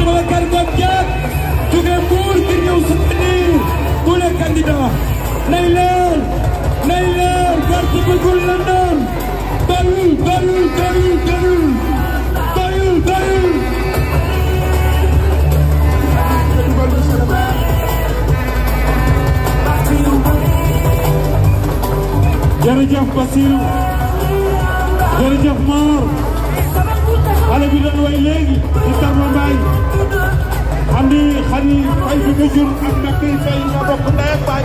sebagai kandungan jat juga murtirnya usut ini boleh kandida Nailan Nailan kartu pukul London baru baru baru baru baru baru Jarajah Basil Jarajah Mar doon way léegi di Samba Mbaye am di xar yi fay bi nga jur ak mbokk yi fay nga bokk ndey ak baay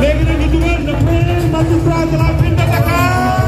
léegi nag ñu dugal le premier magistrat de la ville de Dakar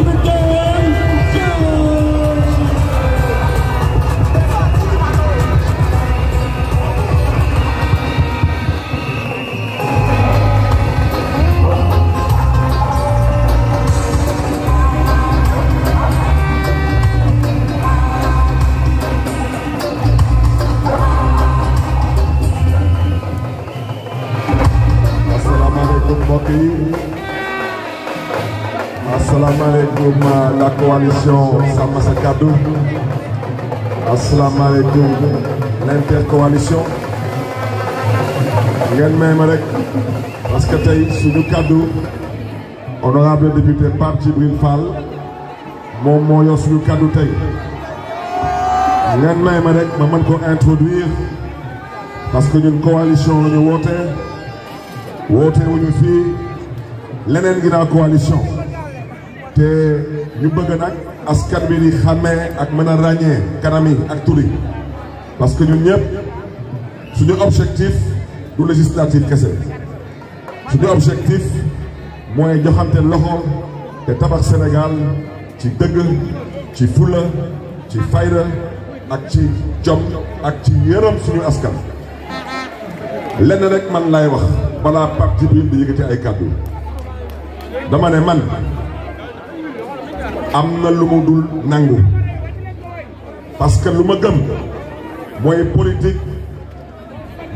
Assalamu la coalition Samassakadou. Assalamu alaikum l'intercoalition. coalition may ma rek parce que sous suñu cadeau. honorable député parti Djibril Fall moom moo yor suñu kaddu tey ngeen Je ma rek ma ko introduire parce que ñun coalition la ñu Voter woote wuñu fii leneen de la coalition te ñu bëgg nag askan bi di xàmmee ak mën a ràññee kanam ak tur parce que ñu ñëpp suñu objectif du législatif kese suñu objectif mooy joxante loxo te tabax Sénégal ci dëgg ci fula ci fayda ak ci jom ak ci yërëm suñu askan lenn rek man lay wax balaa parti bi di yëkkati ay kàddu dama ne man amna na lu ma dul nangu parce que luma gëm moy politique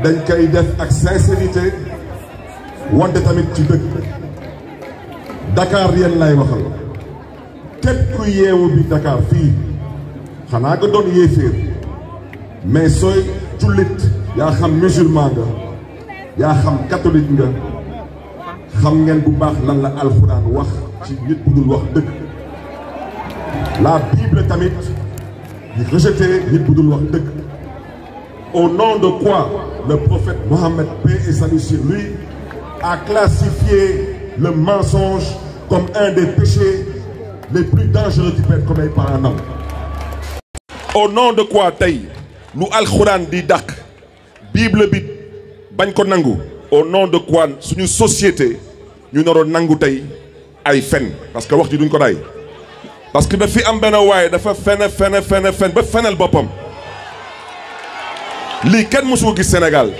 dañ kay def ak sincérité wonte tamit ci deug Dakar yéen lay waxal tepp ku yewu bi Dakar fi xana ko don yéeféer mais soy jullit ya xam musulman nga ya xam catholique nga xam ngeen bu baax lan la alcorane wax ci nit bu dul wax deug la Bible tamit di rejeté nit de au nom de quoi le prophète Mohamed (p) et salut sur lui a classifié le mensonge comme un des péchés les plus dangereux du peuvent être commis par un homme au nom de quoi nous Al Quran dit Dak, bible bi Nangou au nom de quoi une société nous n'aurons nangu parce que nous avons parce que daf fi am benn waaye dafa fen fen fen fen ba fenal boppam lii kenn mosu ko gis Sénégal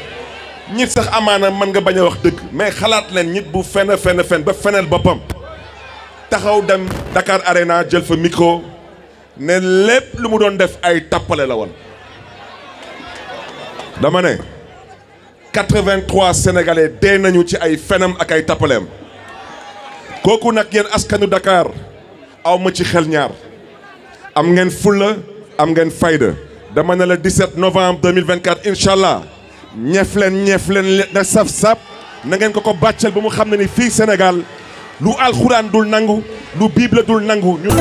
nit sax amaana mën nga bañ a wax dëgg mais xalaat leen nit bu fen fen fen ba fenal boppam taxaw dem Dakar Arena jël fa micro ne lépp lu mu doon def ay tappale la woon dama ne 83 sénégalais dee nañu ci ay fenam ak ay tappaleem kooku nag yéen askanu Dakar aw ma ci xel ñaar am ngeen fulla am ngeen fayda dama ne la 17 novembre 2024 incha allah ñeef leen ñeef leen na saf-saf na ngeen ko ko bàcceel ba mu xam ne ni fii Sénégal lu alxuraan dul nangu lu bible dul nangu ñu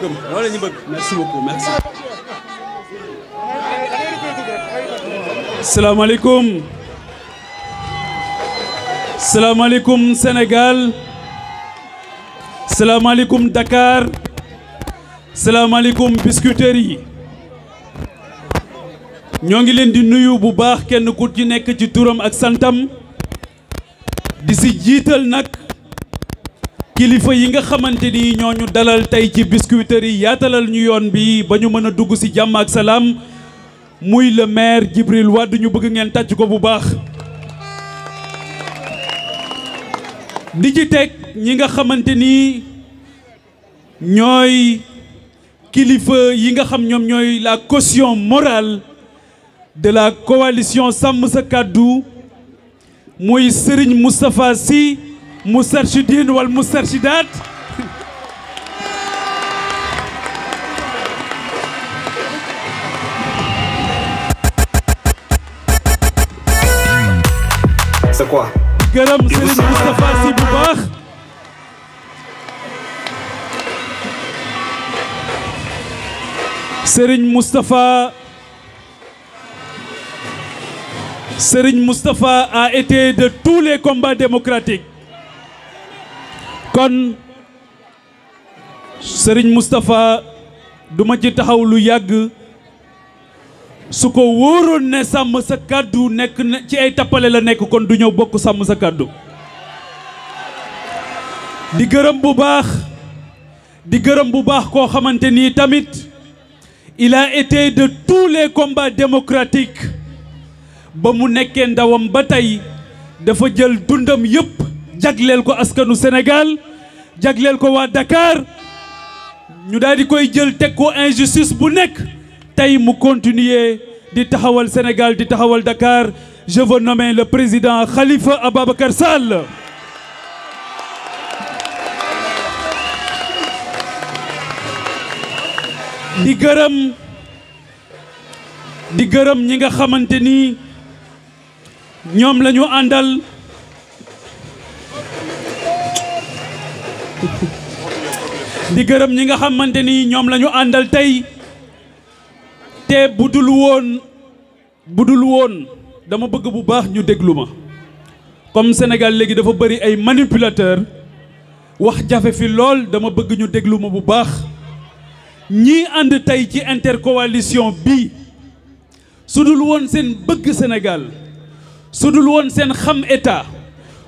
Merci beaucoup merci beaucoup merci. Salam alaikum Sénégal. alaikum Dakar. alaikum Biscuiterie Nous Salam ngi di nuyu bu baax kenn ci di kilifa yi nga xamante ni ñoo dalal tey ci Biscuiterie yaatalal ñu yoon bi ba ñu mën a dugg si jàmm ak salaam muy le maire jibril Wade ñu bëgg ngeen tàcc ko bu baax. di ci teg ñi nga xamante ni ñooy kilifa yi nga xam ñoom ñooy la caution morale de la coalition sàmm sa kàddu muy Serigne Moustapha si ou wal Chidat. c'est quoi C'est Moustapha Sy Moustapha Serigne Moustapha a été de tous les combats démocratiques kon sëriñ Moustapha duma ci taxaw lu yàgg su ko wóoroon ne sàmm sa kàddu nekk ci ay tappale la nekk kon du ñëw bokk sàmm sa kàddu di gërëm bu baax di gërëm bu baax koo xamante ni tamit il a été de tous les combats ba mu nekkee ndawam ba tey dafa jël dundam yépp jagleel ko askanu senegaal jagleel ko wa Dakar ñu daal di koy jël teg ko injustice bu nek tay mu continuer di taxawal Sénégal di taxawal Dakar je veux nommer le président Khalifa ababakar Sall. di gërem di gërem ñi nga xamanteni ñom lañu andal di gërëm ñi nga xamante ni ñoom lañu àndal tey te bu dul woon bu dul woon dama bëgg bu baax ñu déglu ma comme Sénégal léegi dafa bëri ay manipulateur wax jafe fi lool dama bëgg ñu déglu ma bu baax ñii ànd tey ci intercoalition bi su dul woon seen bëgg senegal su dul woon seen xam état